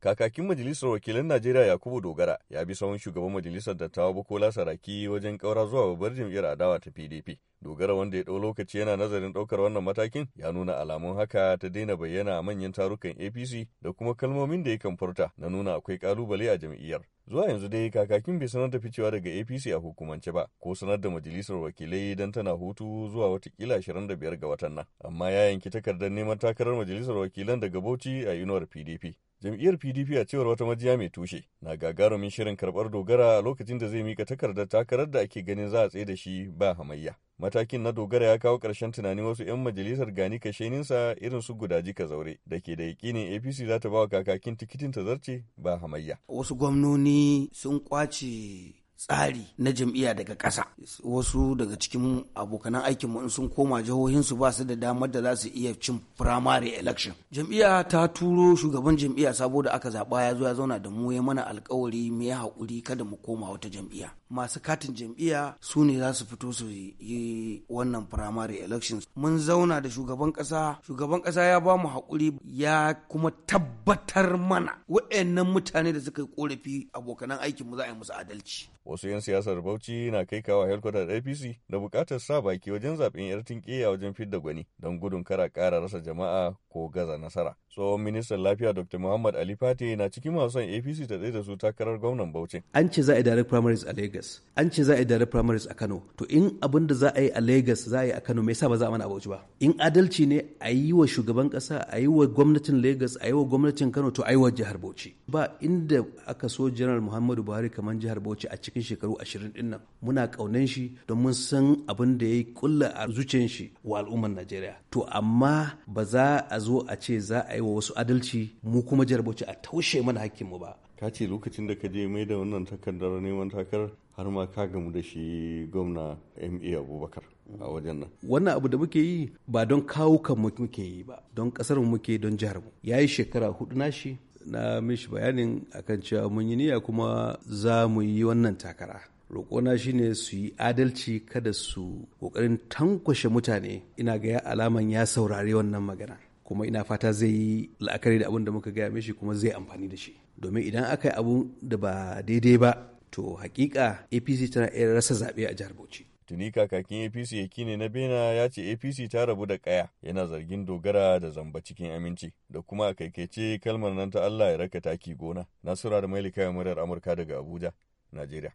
Kakakin Majalisar Wakilan Najeriya Yakubu Dogara ya bi sahun shugaban Majalisar Dattawa Bukola Saraki wajen kaura zuwa babbar jam'iyyar adawa ta PDP Dogara wanda ya ɗau lokaci yana nazarin ɗaukar wannan matakin ya nuna alamun haka ta daina bayyana a manyan tarukan APC da kuma kalmomin da yakan furta na nuna akwai ƙalubale a jam'iyyar. Zuwa yanzu dai kakakin bai sanar da ficewa daga APC a hukumance ba ko sanar da majalisar wakilai don tana hutu zuwa watakila biyar ga watan nan. Amma ya yanki takardar neman takarar majalisar wakilan daga Bauchi a inuwar PDP. jam'iyyar pdp a cewar wata majiya mai tushe na gagarumin shirin karɓar dogara a lokacin da zai mika takardar takarar da ake ganin za a tsaye da shi ba hamayya matakin na dogara ya kawo ƙarshen tunanin wasu 'yan majalisar gani kasheninsa irin su gudaji ka zaure da ke da yakinin apc za ta ba wa kakakin tikitin ta zarce ba hamayya wasu gwamnoni sun kwace tsari na jam'iyya daga ƙasa wasu daga cikin abokanan aikinmu in sun koma jihohinsu ba su da damar da za su iya cin primary election jam'iyya ta turo shugaban jam'iyya saboda aka zaɓa ya zo ya zauna da mu ya mana alkawari mu ya haƙuri kada mu koma wata jam'iyya masu katin jam'iyya su ne za su fito su yi wannan primary elections mun zauna da shugaban ƙasa shugaban ƙasa ya ba mu haƙuri ya kuma tabbatar mana waɗannan mutane da suka yi ƙorafi abokanan aikinmu za a yi musu adalci wasu 'yan siyasar bauchi na kai kawa helkwatar apc da bukatar sa baki wajen zaben yar tinke wajen fidda gwani don gudun kara kara rasa jama'a ko gaza nasara tsohon ministan lafiya dr muhammad ali fati na cikin masu son apc ta tsaye da su takarar gwamnan bauchi an ce za a yi direct primaries a lagos an ce za a yi direct primaries a kano to in abin da za a yi a lagos za a yi a kano me yasa ba za a mana a bauchi ba in adalci ne a yi wa shugaban kasa a yi wa gwamnatin lagos a yi wa gwamnatin kano to a yi wa jihar bauchi ba inda aka so general muhammadu buhari kamar jihar bauchi a cikin cikin shekaru ashirin din nan muna kaunan shi don mun san abin da ya yi kulla a zuciyar shi wa al'ummar Najeriya to amma ba za a zo a ce za a yi wa wasu adalci mu kuma jarabauci a taushe mana hakkin mu ba ka ce lokacin da ka je mai da wannan takardar neman takar har ma ka gamu da shi gwamna ma abubakar a wajen nan wannan abu da muke yi ba don kawo kan muke yi ba don kasar muke don jihar mu yayi shekara hudu nashi na mishi bayanin akan cewa mun yi niyya kuma za mu yi wannan takara roƙona shine su yi adalci kada su ƙoƙarin tankwashe mutane ina ga ya alaman ya saurari wannan magana kuma ina fata zai yi la'akari da abin da muka gaya mishi kuma zai amfani da shi domin idan aka yi abu da ba daidai ba to hakika apc tana iya rasa zaɓe a jihar bauchi Tuni kakakin APC ya ne na Bena ya ce APC ta rabu da ƙaya yana zargin dogara da zamba cikin aminci da kuma a kaikaice kalmar nan ta Allah ya raka taki gona. Nasura da likayen murar Amurka daga Abuja, Najeriya.